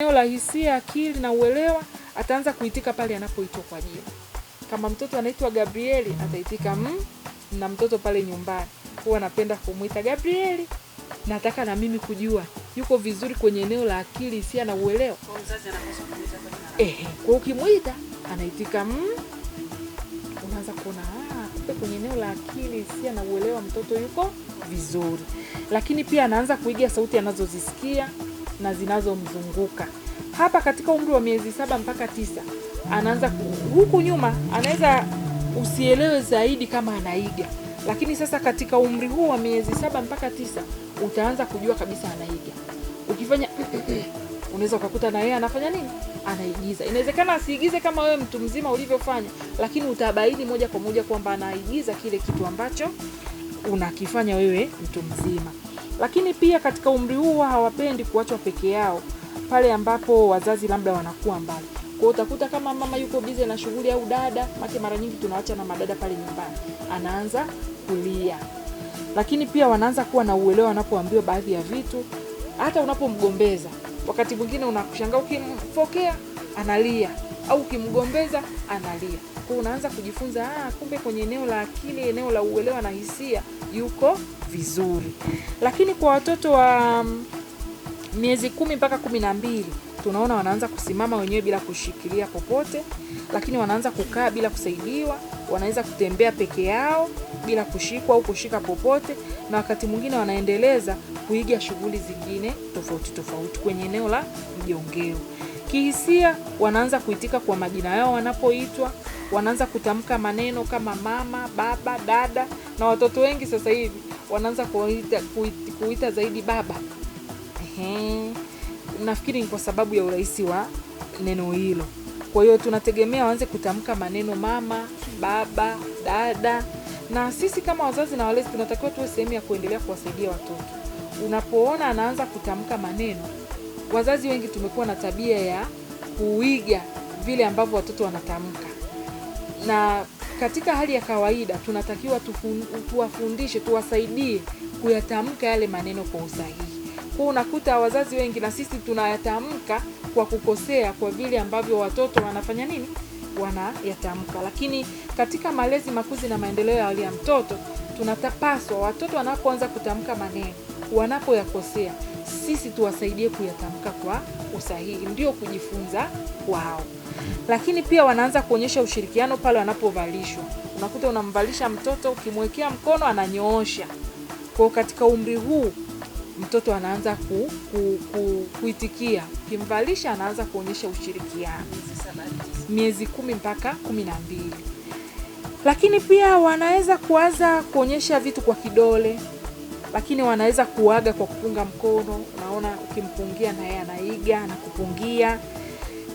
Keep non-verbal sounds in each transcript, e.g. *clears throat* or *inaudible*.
Eneo la hisia, akili na uelewa ataanza kuitika pale anapoitwa kwa jina. Kama mtoto anaitwa Gabrieli ataitika m, mm, na mtoto pale nyumbani huwa anapenda kumwita Gabrieli. Nataka na mimi kujua yuko vizuri kwenye eneo la akili, hisia na uelewa. kwa Eh, kwa ukimwita anaitika m, mm, unaanza kuona ah, kwenye eneo la akili, hisia na uelewa mtoto yuko vizuri. Lakini pia anaanza kuiga sauti anazozisikia na zinazomzunguka. Hapa katika umri wa miezi saba mpaka tisa anaanza huku nyuma, anaweza usielewe zaidi kama anaiga, lakini sasa katika umri huu wa miezi saba mpaka tisa utaanza kujua kabisa anaiga. Ukifanya *clears throat* unaweza ukakuta na yeye anafanya nini, anaigiza. Inawezekana asiigize kama wewe mtu mzima ulivyofanya, lakini utabaini moja kwa moja kwamba anaigiza kile kitu ambacho unakifanya wewe mtu mzima. Lakini pia katika umri huu hawapendi kuachwa peke yao pale ambapo wazazi labda wanakuwa mbali. Kwa utakuta kama mama yuko bize na shughuli au dada, make mara nyingi tunawacha na madada pale nyumbani, anaanza kulia. Lakini pia wanaanza kuwa na uelewa wanapoambiwa baadhi ya vitu, hata unapomgombeza wakati mwingine unakushangaa, ukimpokea analia au ukimgombeza analia. Kwa unaanza kujifunza ah, kumbe kwenye eneo la akili, eneo la uelewa na hisia yuko vizuri. Lakini kwa watoto wa um, miezi kumi mpaka kumi na mbili tunaona wanaanza kusimama wenyewe bila kushikilia popote, lakini wanaanza kukaa bila kusaidiwa, wanaweza kutembea peke yao bila kushikwa au kushika popote, na wakati mwingine wanaendeleza kuiga shughuli zingine tofauti tofauti kwenye eneo la mjongeo. Kihisia wanaanza kuitika kwa majina yao wanapoitwa, wanaanza kutamka maneno kama mama, baba, dada, na watoto wengi sasa hivi wanaanza kuita, kuita, kuita zaidi baba. Ehe, nafikiri ni kwa sababu ya urahisi wa neno hilo. Kwa hiyo tunategemea waanze kutamka maneno mama, baba, dada, na sisi kama wazazi na walezi tunatakiwa tuwe sehemu ya kuendelea kuwasaidia watoto. Unapoona anaanza kutamka maneno, wazazi wengi tumekuwa na tabia ya kuiga vile ambavyo watoto wanatamka na katika hali ya kawaida tunatakiwa tuwafundishe, tuwasaidie kuyatamka yale maneno kwa usahihi. Kwa unakuta wazazi wengi na sisi tunayatamka kwa kukosea, kwa vile ambavyo watoto wanafanya nini, wanayatamka. Lakini katika malezi, makuzi na maendeleo ya hali ya mtoto tunatapaswa, watoto wanapoanza kutamka maneno, wanapoyakosea, sisi tuwasaidie kuyatamka kwa usahihi, ndio kujifunza kwao. Lakini pia wanaanza kuonyesha ushirikiano pale wanapovalishwa. Unakuta unamvalisha mtoto, ukimwekea mkono ananyoosha. Kwa katika umri huu mtoto anaanza ku, ku, ku, kuitikia, ukimvalisha anaanza kuonyesha ushirikiano, miezi kumi mpaka kumi na mbili. Lakini pia wanaweza kuanza kuonyesha vitu kwa kidole lakini wanaweza kuaga kwa kupunga mkono. Unaona, ukimpungia naye anaiga na kupungia,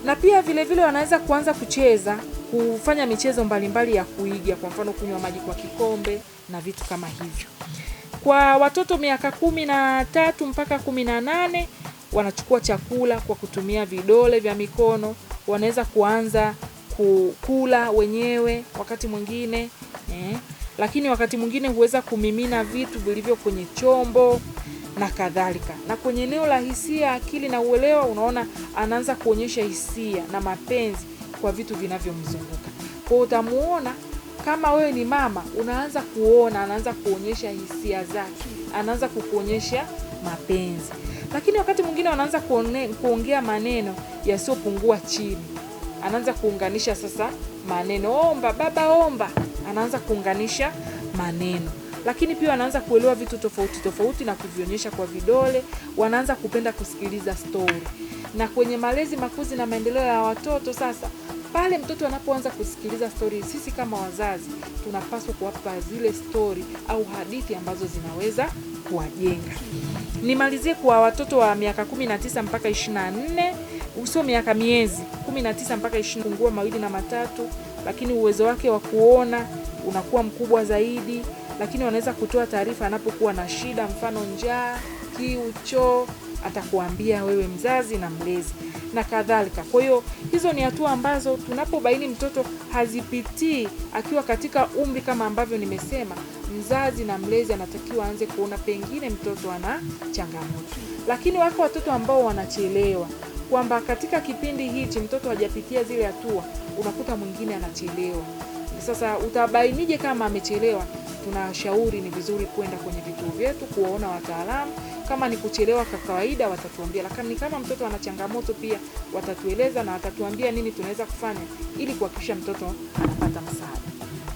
na pia vile vile wanaweza kuanza kucheza, kufanya michezo mbalimbali ya kuiga, kwa mfano kunywa maji kwa kikombe na vitu kama hivyo. Kwa watoto miaka kumi na tatu mpaka kumi na nane wanachukua chakula kwa kutumia vidole vya mikono, wanaweza kuanza kukula wenyewe wakati mwingine eh, lakini wakati mwingine huweza kumimina vitu vilivyo kwenye chombo na kadhalika. Na kwenye eneo la hisia, akili na uelewa, unaona anaanza kuonyesha hisia na mapenzi kwa vitu vinavyomzunguka. Kwa utamuona kama wewe ni mama, unaanza kuona anaanza kuonyesha hisia zake, anaanza kukuonyesha mapenzi, lakini wakati mwingine wanaanza kuongea maneno yasiyopungua chini anaanza kuunganisha sasa maneno, omba baba, omba, anaanza kuunganisha maneno lakini pia wanaanza kuelewa vitu tofauti tofauti na kuvionyesha kwa vidole. Wanaanza kupenda kusikiliza stori. Na kwenye malezi, makuzi na maendeleo ya watoto, sasa pale mtoto anapoanza kusikiliza stori, sisi kama wazazi tunapaswa kuwapa zile stori au hadithi ambazo zinaweza kuwajenga. Nimalizie kwa watoto wa miaka 19 mpaka 24 sio miaka, miezi kumi mpaka 20 pungua mawili na matatu, lakini uwezo wake wa kuona unakuwa mkubwa zaidi, lakini wanaweza kutoa taarifa anapokuwa na shida, mfano njaa, kiu, choo atakuambia wewe mzazi na mlezi na kadhalika. Kwa hiyo hizo ni hatua ambazo tunapobaini mtoto hazipitii akiwa katika umri kama ambavyo nimesema, mzazi na mlezi anatakiwa aanze kuona pengine mtoto ana changamoto. Lakini wako watoto ambao wanachelewa kwamba katika kipindi hichi mtoto hajapitia zile hatua, unakuta mwingine anachelewa. Sasa utabainije kama amechelewa? Tunashauri ni vizuri kwenda kwenye vituo vyetu kuwaona wataalamu. Kama ni kuchelewa kwa kawaida, watatuambia, lakini kama mtoto ana changamoto pia watatueleza na watatuambia nini tunaweza kufanya ili kuhakikisha mtoto anapata msaada.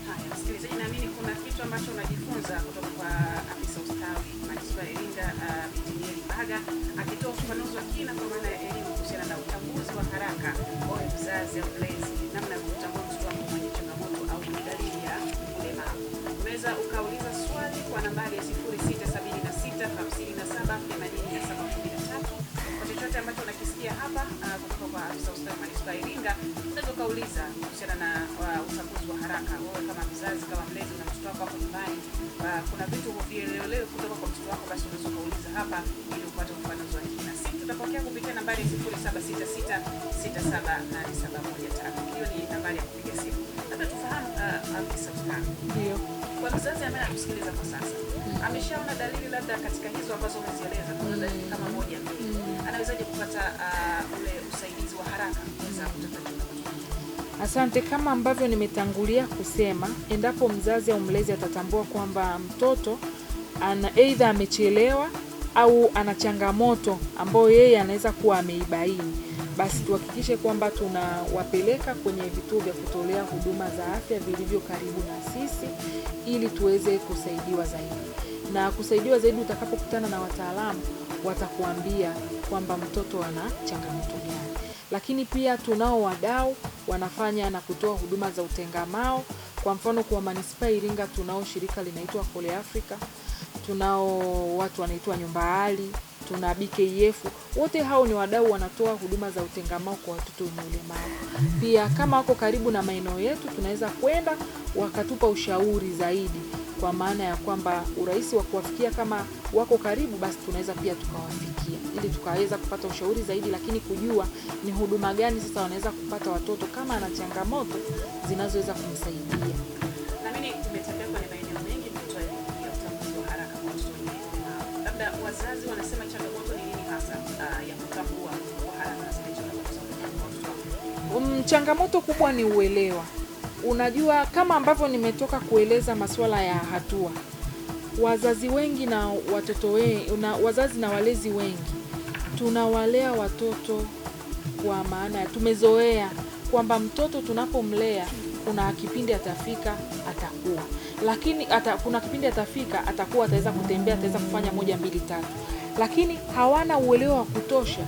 Haya, msikilizaji, naamini kuna kitu ambacho unajifunza kutoka kwa afisa ustawi manispaa ya Iringa, akitoa ufafanuzi wa kina kwa maana mwaka, mzazi au mlezi, namna ya kutambua mtoto wako mwenye changamoto au dalili ya ulemavu. Unaweza ukauliza swali kwa nambari ya sifuri sita sita sabini na na na na hamsini saba saba themanini kumi tatu kwa chochote ambacho unakisikia hapa uh, kutoka kwa afisa ustawi manispaa ya Iringa. Unaweza ukauliza kuhusiana na utambuzi uh, wa haraka. Wewe kama mzazi, kama mlezi na mtoto wako hapo nyumbani, uh, kuna vitu huvielewelewi kutoka kwa mtoto wako, basi unaweza ukauliza hapa nambari 0766678713. Hiyo ni nambari ya kupiga simu. Labda tufahamu uh, afisa mstaafu, ndio kwa mzazi ambaye anatusikiliza kwa sasa, ameshaona dalili labda katika hizo ambazo umezieleza, kuna mm. dalili kama moja mbili, mm. anawezaje kupata uh, ule usaidizi wa haraka kuweza kutata Asante. Kama ambavyo nimetangulia kusema, endapo mzazi au mlezi atatambua kwamba mtoto ana aidha amechelewa au ana changamoto ambayo yeye anaweza kuwa ameibaini, basi tuhakikishe kwamba tunawapeleka kwenye vituo vya kutolea huduma za afya vilivyo karibu na sisi ili tuweze kusaidiwa zaidi. Na kusaidiwa zaidi, utakapokutana na wataalamu watakuambia kwamba mtoto ana changamoto gani. Lakini pia tunao wadau wanafanya na kutoa huduma za utengamao. Kwa mfano kwa manispaa Iringa tunao shirika linaitwa Kole Africa, tunao watu wanaitwa Nyumba hali tuna bkef Wote hao ni wadau wanatoa huduma za utengamao kwa watoto wenye ulemavu. Pia kama wako karibu na maeneo yetu, tunaweza kwenda wakatupa ushauri zaidi, kwa maana ya kwamba urahisi wa kuwafikia kama wako karibu, basi tunaweza pia tukawafikia ili tukaweza kupata ushauri zaidi, lakini kujua ni huduma gani sasa wanaweza kupata watoto kama ana changamoto zinazoweza kumsaidia. labda wazazi wanasema changamoto ni nini hasa uh, ya kutambua um, changamoto kubwa ni uelewa. Unajua, kama ambavyo nimetoka kueleza masuala ya hatua, wazazi wengi na watoto we, una, wazazi na walezi wengi tunawalea watoto kwa maana tumezoea kwamba mtoto tunapomlea kuna kipindi atafika atakuwa lakini ata, kuna kipindi atafika atakuwa ataweza kutembea, ataweza kufanya moja mbili tatu, lakini hawana uelewa wa kutosha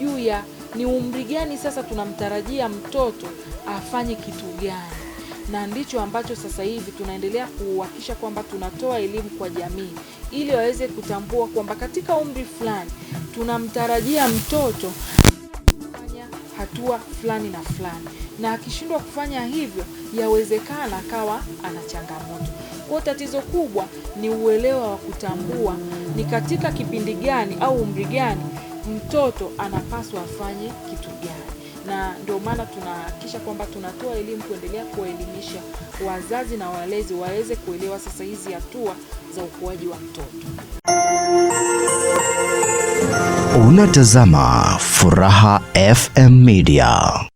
juu ya ni umri gani sasa tunamtarajia mtoto afanye kitu gani, na ndicho ambacho sasa hivi tunaendelea kuhakisha kwamba tunatoa elimu kwa jamii ili waweze kutambua kwamba katika umri fulani tunamtarajia mtoto kufanya hatua fulani na fulani, na akishindwa kufanya hivyo, yawezekana akawa ana changamoto kwa tatizo kubwa ni uelewa wa kutambua ni katika kipindi gani au umri gani mtoto anapaswa afanye kitu gani na ndio maana tunahakikisha kwamba tunatoa elimu kuendelea kuwaelimisha wazazi na walezi waweze kuelewa sasa hizi hatua za ukuaji wa mtoto. Unatazama Furaha FM Media.